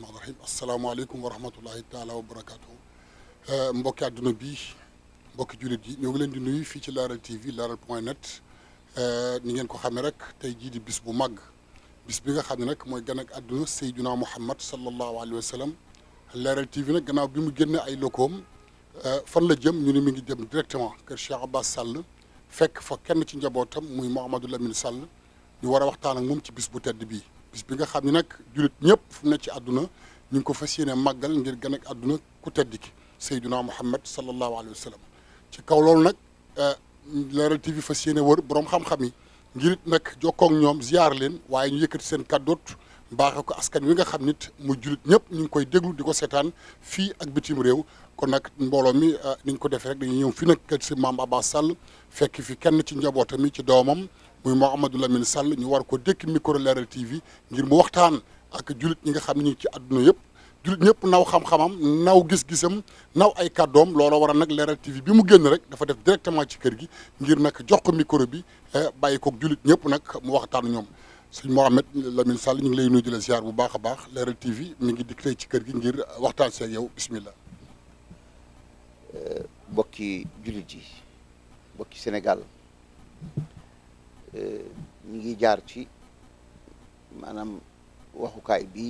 rahmaani rahim asalaamaaleykum wa rahmatullahi taala wa barakaatu euh, mbokki àdduna bi mbokki jullit yi ñoo ngi leen di nuyu fii ci Leral TV Leral point net euh, ni ngeen ko xamee rek tey jii di bis bu màgg bis bi nga xam ne nag mooy gan ak àdduna Seydina Muhammad sallallahu alayhi wa sallam Leral TV nag gannaaw bi mu génne ay lokoom euh, fan la jëm ñu ni mi ngi jëm directement kër Cheikh Abbas Sall fekk fa kenn ci njabootam muy Mouhamadou Lamine Sall ñu war a waxtaan ak moom ci bis bu tedd bii. bis bi nga xam ne nag jullit ñëpp fu ne ci àdduna ñu ko fas yéene màggal ngir gën ak àdduna ku tedd ki Seydina Muhammad sallallahu alayhi wa sallam ci kaw loolu nag euh, Leral TV fas yéene wër borom xam-xam yi ngir it nag jokkoo ñoom ziar leen waaye ñu yëkkati seen kàddoot mbaaxee ko askan wi nga xam nit mu jullit ñëpp ñu ngi koy déglu di ko seetaan fii ak bitim réew kon nag mbooloo mi ah, ni ñu ko defee rek dañuy ñëw fi nag kër si maam Abbas Sall fekk fi kenn ci njabootam mi ci doomam muy Mouhamadou Lamine Sall ñu war ko dékk micro Leral TV ngir mu waxtaan ak julit ñi nga xam ne ci àdduna yëpp jullit ñëpp naw xam-xamam naw gis-gisam naw ay doom loola waral nag Leral TV bi mu génn rek dafa def directement ci kër gi ngir nag jox ko micro bi eh, bàyyi koog jullit ñëpp nag mu waxtaan ñoom sëñ Mohamed Lamine Sall ñu ngi lay nuyu di la ziar bu baax a baax Leral TV mi ngi dikk tey ci kër gi ngir waxtaan see yow bismillah. Euh, mbokki jullit yi mbokki Sénégal euh, ñu ngi jaar ci maanaam waxukaay bi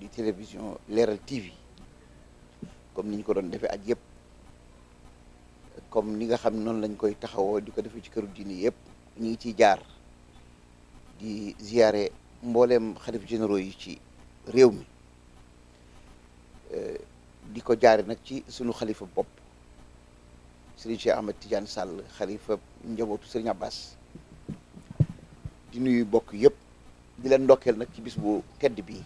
di télévision Leral TV comme ni ñu ko doon defee ak yëpp comme ni nga xam noonu lañ koy taxawoo di ko defee ci këru diini yëpp ñu ngi ciy jaar. di ziyaare mbooleem xalif généro yi ci réew mi eh, di ko jaare nag ci sunu xalifa bopp sëriñ Cheikh Ahmed Tidiane Sall xalifa njabootu sëriñ Abbas di nuyu bokk yëpp di leen ndokkeel nag ci bis bu tedd bii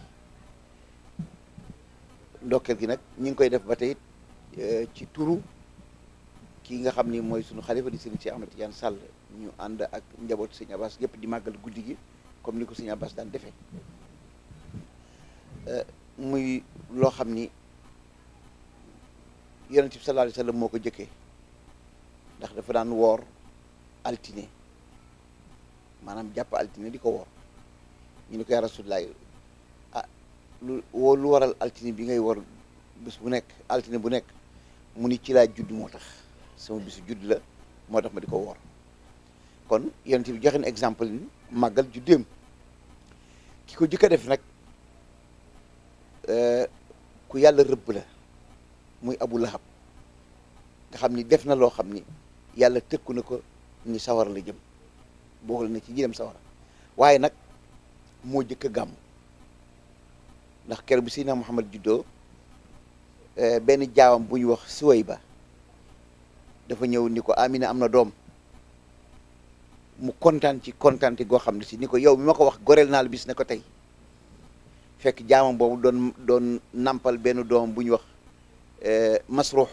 ndokkeel gi nag ñu ngi koy def ba tey eh, ci turu ki nga xam ni mooy sunu xalifa di sëriñ Cheikh Ahmed Tidiane Sall ñu ànd ak njaboot sëñ Abbas yépp di màggal guddi gi comme ni ko sëñ Abbas daan defee euh, muy loo xam ni yonent bi sallallahu alayhi wa moo ko jëkkee ndax dafa daan woor altine maanaam jàpp altine di ko woor ñu ni ko yaa Rasulullah ah lu woo waral altine bi ngay war bés bu nekk altine bu nekk mu ni ci laay judd moo tax sama bisu juddi la moo tax ma di ko woor kon yonent bi joxe na exemple ni màggal juddeem ki ko jëkk a def nag euh, ku yàlla rëbb la muy abu lahab nga xam ni def na loo xam ni yàlla tëkku na ko ni sawar la jëm boole na ci ñi dem sawara waaye nag moo jëkk a gàmm ndax ker bi Seydina Muhammad juddoo euh, benn jaawam bu ñu wax ba dafa ñëw ni ko Amina am na doom mu kontaan ci kontaan goo xam ne si ni ko yow mi ma ko wax goreel naa la bis ne ko tey fekk jaamam boobu doon doon nàmpal benn doom bu ñu wax eh, masruux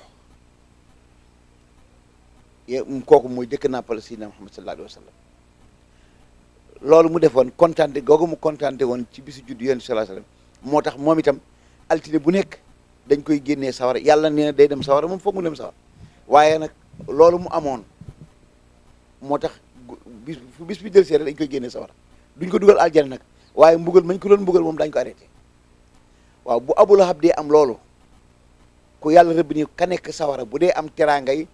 kooku mooy dëkk nampal sidina Muhammad sallallahu alayhi wa sallam loolu mu defoon kontaan googu mu kontaan woon ci bisu juddu yonent sallallahu alayhi moo tax moom itam altine bu nekk dañ koy génnee sawar yàlla nee day dem sawara moom foog mu dem sawara waaye nag loolu mu amoon moo tax. bis bis bi del seere dañ koy génne sawara duñ ko dugal aljana nag waaye mbugal mañ ko doon mbugal moom dañ ko arrêté waaw bu Abu Lahab dee am loolu ku yàlla rëbb ni ka nekk sawara bu dee am teraangay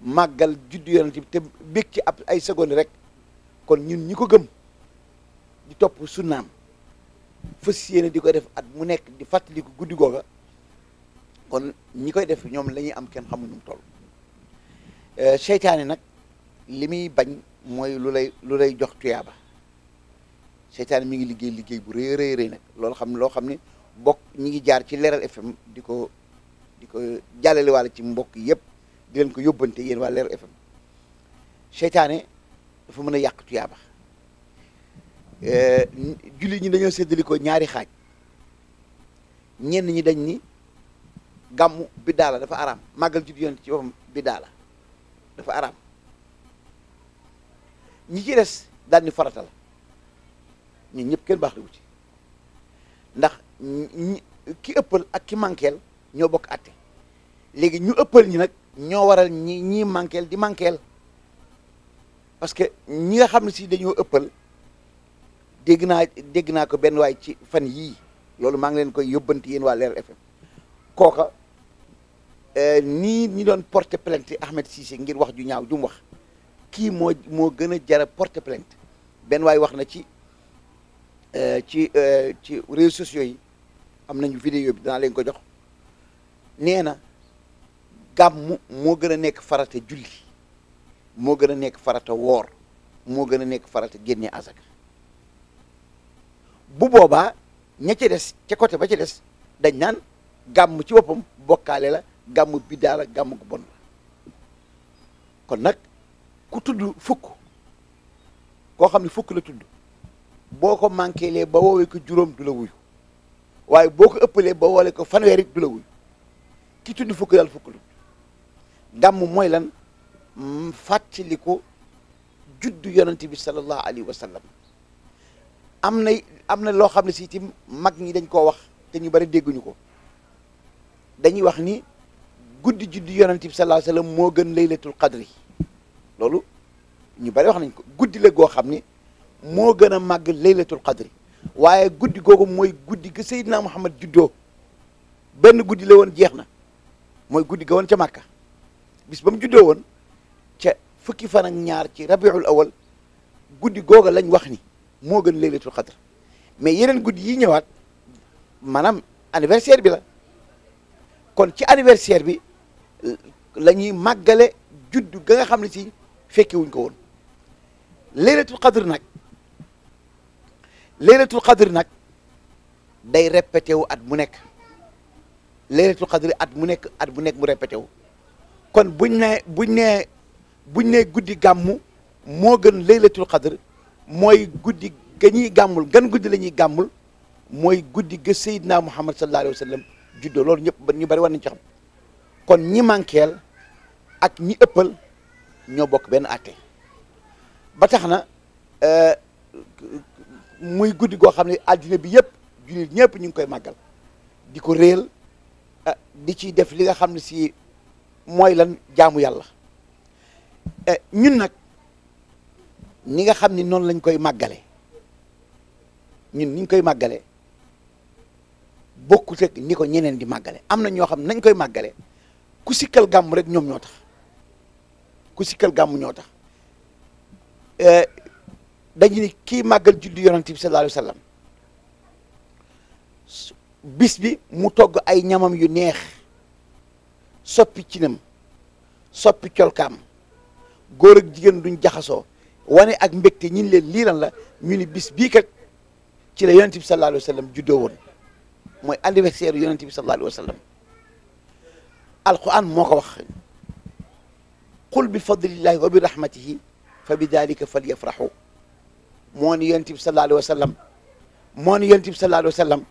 màggal juddu yonent bi te bég ci ab ay seconde rek kon ñun ñi ko gëm di topp sunnaam di ko def at mu nekk di fàttaliku guddi googa kon ñi koy def ñoom lañuy am kenn xamuñu mu eh, seytaane nag li muy bañ mooy lu lay lu lay jox tuyaaba seytaane mi ngi liggéey liggéey bu rëy rëy rëy nag loolu xam loo xam ne bokk ñi ngi jaar ci Leral FM di ko di ko jàllale ci mbokk yëpp di leen ko yóbbante yéen waa Leral FM seytaane dafa mën a yàq tuyaaba jullit ñi dañoo séddali ñaari xaaj ñenn ñi dañ ni gàmmu biddaa dafa araam màggal juddu yonent ci boppam biddaa la dafa araam ñi ci des daal ni farata la ñun kenn baax wu ci ndax ki ëppal ak ki manqueel ñoo bokk atte léegi ñu ëppal ñi nag ñoo waral ñi ñii manqueel di manqueel parce que ñi nga xam ne si dañoo ëppal dégg naa dégg naa ko benn waay ci fan yii loolu maa ngi leen koy yóbbanti yéen waa Leer FM kooka euh, nii ñi doon porter plainte Ahmed Cissé ngir wax ju ñaaw ju wax kii moo moo gën a jara porter plainte benn waay wax na ci euh, ci euh, ci réseaux sociaux yi am nañu vidéo bi danaa leen ko jox nee na gàmmu moo gën a nekk farata julli moo gën a nekk farata woor moo gën a nekk farata génne asaka bu boobaa ña ca des ca côté ba ci des dañ naan gàmm ci boppam bokkaale la gàmm biddaa la gàmm bon la kon nag ku tudd fukk koo xam ne fukk la tudd boo ko manqué lee ba woowee ko juróom du la wuyu waaye boo ko ëppalee ba woole ko fanweer it du la wuyu ki tudd fukk daal fukk lu gàmm mooy lan fàttaliku juddu yonent bi sallallahu alayhi wa sallam am na am na loo xam ne si mag ñi dañ koo wax te ñu bari dégguñu ko dañuy wax ni guddi juddu yonent bi sallallahu alayhi wa sallam moo gën laylatul qadri loolu ñu bari wax nañ ko guddi la goo xam ni moo gën a màgg laylatul qadri waaye guddi googu mooy guddi ga Seydina Muhammad juddoo benn guddi la woon jeex na mooy guddi ga woon ca Màkka bis ba mu juddoo woon ca fukki fan ñaar ci rabiul awal guddi googa lañ wax ni moo gën laylatul qadr mais yeneen guddi yi ñëwaat maanaam anniversaire bi la kon ci anniversaire bi la ñuy màggale juddu ga nga xam ne si fekke wuñ ko woon laylatul qadr nag laylatul qadr nag day répété wu at mu nekk laylatul qadr at mu nekk at mu nekk mu répété kon buñ ne buñ ne buñ ne guddi gàmmu moo gën laylatul qadr mooy guddi ga ñuy gàmmul gan guddi la ñuy gàmmul mooy guddi ga Seydina Muhammad sallallahu alayhi wa sallam juddoo loolu ñëpp ñu bari war nañ ci xam kon ñi manqueel ak ñi ëppal ñoo bokk benn àtte ba tax na euh, muy guddi goo xam ne àddina bi yëpp jullit ñëpp ñu ngi koy màggal di ko réel euh, di ci def li nga xam ne si mooy lan jaamu yàlla euh, ñun nag ni nga xam ni noonu lañ koy màggale ñun niñ koy màggale bokkut ak ni ko ñeneen di màggale am na ñoo xam nañ koy màggale ku sikkal gàmm rek ñoom ñoo tax ku sikkal gàmmu ñoo tax eh, dañu ni kii màggal julli yonent bi sallallahu alayhi bis bi mu togg ay ñamam yu neex soppi cinam soppi colkaam góor ak jigéen duñ jaxasoo wane ak mbégte ñin leen lii lan la ñu ni bis bii kat ci la yonent bi sallallahu alayhi juddoo woon mooy anniversaire yonent bi sallallahu alayhi wa sallam moo ko wax qul bi fadlillahi wa bi rahmatihi fa bi dalika falyafrahu moo ni yonent bi sallallahu alayhi wa sallam moo ni yonent bi sallallahu alayhi wa sallam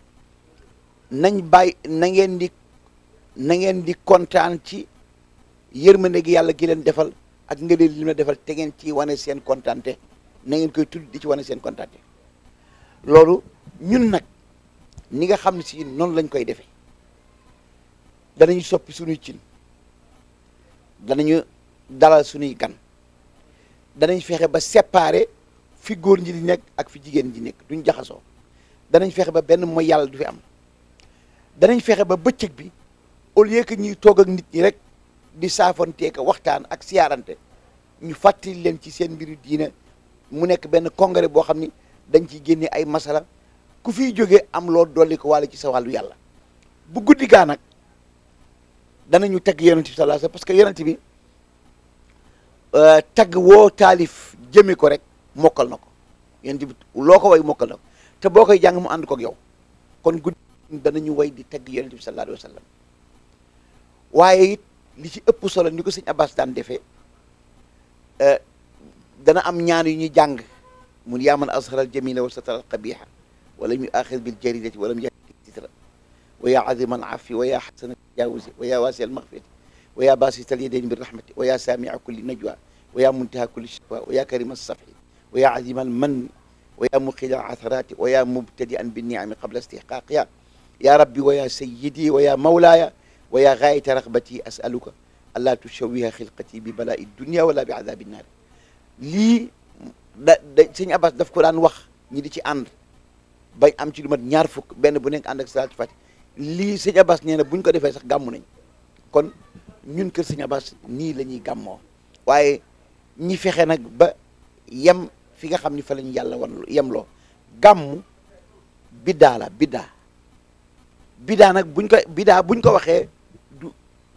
nañ bàyyi na ngeen di na ngeen di kontaan ci yërmande gi yàlla gi leen defal ak nga leen li defal te ngeen ci wane seen kontaante na ngeen koy tul di ci wane seen kontaante loolu ñun nag ni nga xam ne si noonu lañ koy defe danañu soppi suñuy cin danañu dalal suñuy gan danañ fexe ba séparer fi góor ñi di nekk ak fi jigéen ji nekk duñ jaxasoo danañ fexe ba benn mooy yàlla du fi am danañ fexe ba bëccëg bi au lieu que ñuy toog ak nit ñi rek di saafonteeka waxtaan ak siyaarante ñu fàttali leen ci seen mbiru diine mu nekk benn congrès boo xam ni dañ ciy génne ay masala ku fiy jóge am lool dolli ko wàll ci sa wàllu yàlla bu guddi gaa nag danañu teg yonent bi sallallahu alayhi wasallam parce que yonent bi Euh, tagg woo taalif jëmi ko rek mokkal na ko yéen tamit loo ko way mokkal na ko te boo koy jàng mu ànd koog yow kon guddi danañu way di tagg yonent bi sallallahu alayhi wa waaye it li ci ëpp solo ni ko sëñ Abbas daan defee euh, dana am ñaan yu ñuy jàng mun yaa man azhara al jamila wa satara al qabiha wa lam yuaxid bil jaridati wa lam yahdi sitra wa yaa azima al afi wa yaa xasana tajawusi wa ويا باسط اليدين بالرحمة ويا سامع كل نجوى ويا منتهى كل شكوى ويا كريم الصفح ويا عظيم المن ويا مقيل العثرات ويا مبتدئا بالنعم قبل استحقاقها يا ربي ويا سيدي ويا مولاي ويا غاية رغبتي أسألك ألا تشوه خلقتي ببلاء الدنيا ولا بعذاب النار lii da da sëñ Abbas daf ko daan wax ñi di ci ànd bañ am ci lu mat ñaar fukk benn bu nekk ànd ak salaatu fati lii sëñ Abbas nee na bu ñu ko defee sax gàmmu nañ kon ñun kër Sëñ nii lañuy gàmmoo waaye ñi fexe nag ba yem fi nga xam ni fa lañu yàlla wan yemloo gàmmu biddaa la biddaa biddaa nag buñ ko biddaa buñ ko waxee du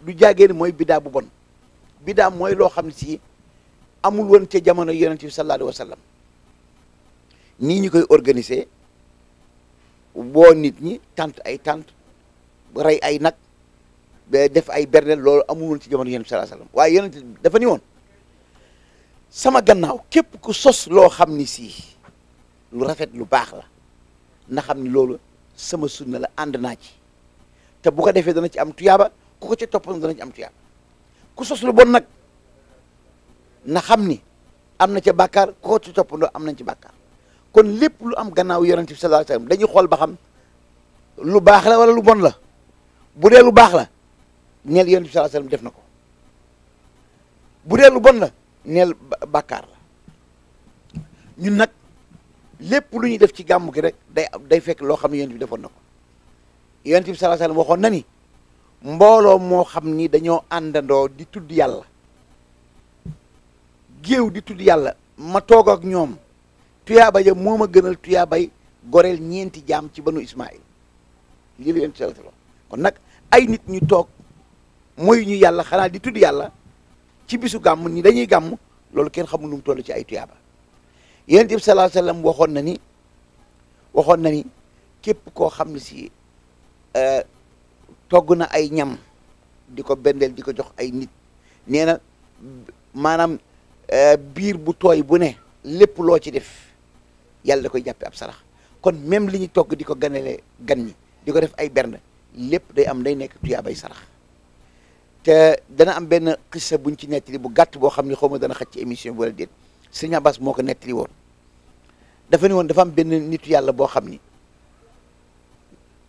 du jaagee ni mooy biddaa bu bon biddaa mooy loo xam ne si amul woon ca jamono yonent bi sallallahu nii ñu koy organiser woo nit ñi tànt ay tànt rey ay nag def ay bernel loolu amul woon ci jamono yonent bi sallallahu alayhi wasallam waaye yonent dafa ni woon sama gannaaw képp ku sos loo xam ni sii lu rafet lu baax la na xam ni loolu sama sunna la ànd naa ci te bu ko defee dana ci am tuyaaba ku ko ca toppam dana ci am tuyaaba ku sos lu bon nag na xam ni am na ca bàkkaar ku ko ca toppandoo am nañ ci bàkkaar kon lépp lu am gannaaw yonent bi sallallahu alayhi wasallam dañuy xool ba xam lu baax la wala lu bon la bu dee lu baax la neel yonent bi sallallahu def na ko bu dee lu bon la neel bàkkaar la ñun nag lépp lu ñuy def ci gàmm gi rek day day fekk loo xam ne yonent bi defoon na ko yonent bi sallallahu waxoon na ni mbooloo moo xam ni dañoo àndandoo di tudd yàlla géew di tudd yàlla ma toog ak ñoom tuyaaba ja moo ma gënal tuyaabay goreel ñeenti jaam ci banu Ismaïl lii la yonent bi kon nag ay nit ñu toog mooy ñu yàlla xanaa di tudd yàlla ci bisu gàmm ni dañuy gàmm loolu kenn xamul nu tollu ci ay tuyaaba yonent bi sallallahu alayhi wasallam waxoon na ni waxoon na képp koo xam ne si euh, togg na ay ñam di ko bendeel di ko jox ay nit nee na maanaam euh, biir bu tooy bu ne lépp loo ci def yàlla da koy jàppe ab sarax kon même li ñu togg di ko ganale gan ñi di ko def ay benn lépp day am day nekk tuyaabay sarax te dana am benn xissa buñ ci nettali bu gàtt boo xam ne xaw ma dana xaj ci émission bi wala déet sëñ Abbas moo ko nettali woon dafa ne woon dafa am benn nitu yàlla boo xam ni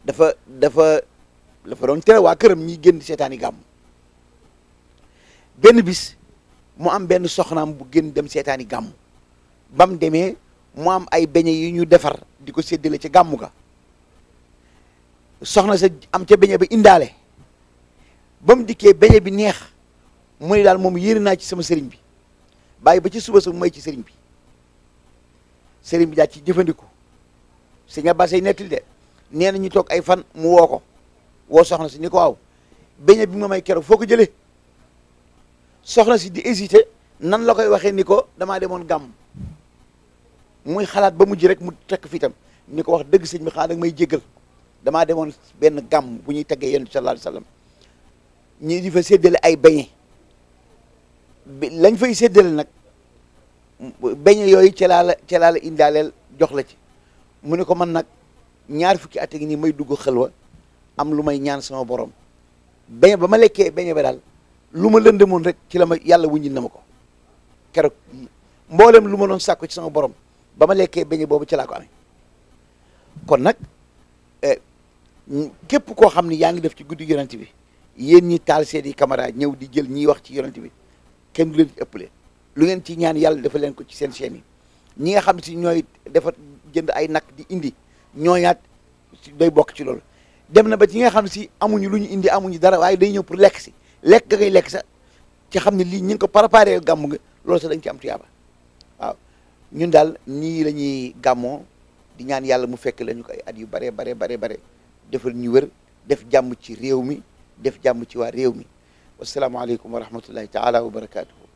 dafa dafa dafa doon tere waa këram ñi génn seetaani gàmm benn bis mu am benn soxnaam bu génn dem seetaani gàmm bam mu demee mu am ay beñe yu ñu defar di ko séddale ci gàmm ga soxna sa am ca beñe ba indaale ba mu dikkee beñe bi neex mu ne daal moom yéene naa ci sama sëriñ bi bàyyi ba ci suba sa may ci sëriñ bi sëriñ bi daal ci jëfandiku sëñ Abbas say nettali de nee na toog ay fan mu woo ko woo soxna si ni ko waaw beñe bi ma may keroog foo ko jëlee soxna si di hésité nan la koy waxee ni ko damaa demoon gàmm muy xalaat ba mujj rek mu tekk fi itam ni ko wax dëgg sëñ bi xanaa danga may jéggal damaa demoon benn gàmm bu ñuy teggee yenn bi sallallahu ñi di fa séddale ay beñe lañ fay séddale nag beñe yooyu ca laa la ca jox la ci mu ne ko man nag ñaar fukki at gi nii may dugg xelwa am lu may ñaan sama borom beñe ba ma lekkee beñe ba daal lu ma lëndëmoon rek ci la ma yàlla wuññil na ma ko keroog mboolem lu ma doon sàkku ci sama borom ba ma lekkee beñe boobu ci laa ko amee kon nag eh, képp koo xam ni yaa ngi def ci guddi yonent bi yéen ñi taal seen i caméra ñëw di jël ñiy wax ci yonent bi kenn du leen ci ëppale lu ngeen ci ñaan yàlla dafa leen ko ci seen chaîne yi ñi nga xam si ñooy dafa jënd ay nag di indi ñooñaat day bokk ci lool dem na ba ci nga xam si amuñu lu ñu indi amuñu dara waaye day ñëw pour lekk si lekk ga ngay lekk sa ci xam ne lii ñu ko préparé gàmm nga lool sax dañ ci am tuyaaba waaw ñun daal nii lañuy ñuy gàmmoo di ñaan yàlla mu fekk la ko ay at yu bare bare bare bare defal ñu wër def jàmm ci réew mi def jàmm ci waa réew mi wasalaamualeykum wa rahmatullahi taala wa barakaatu.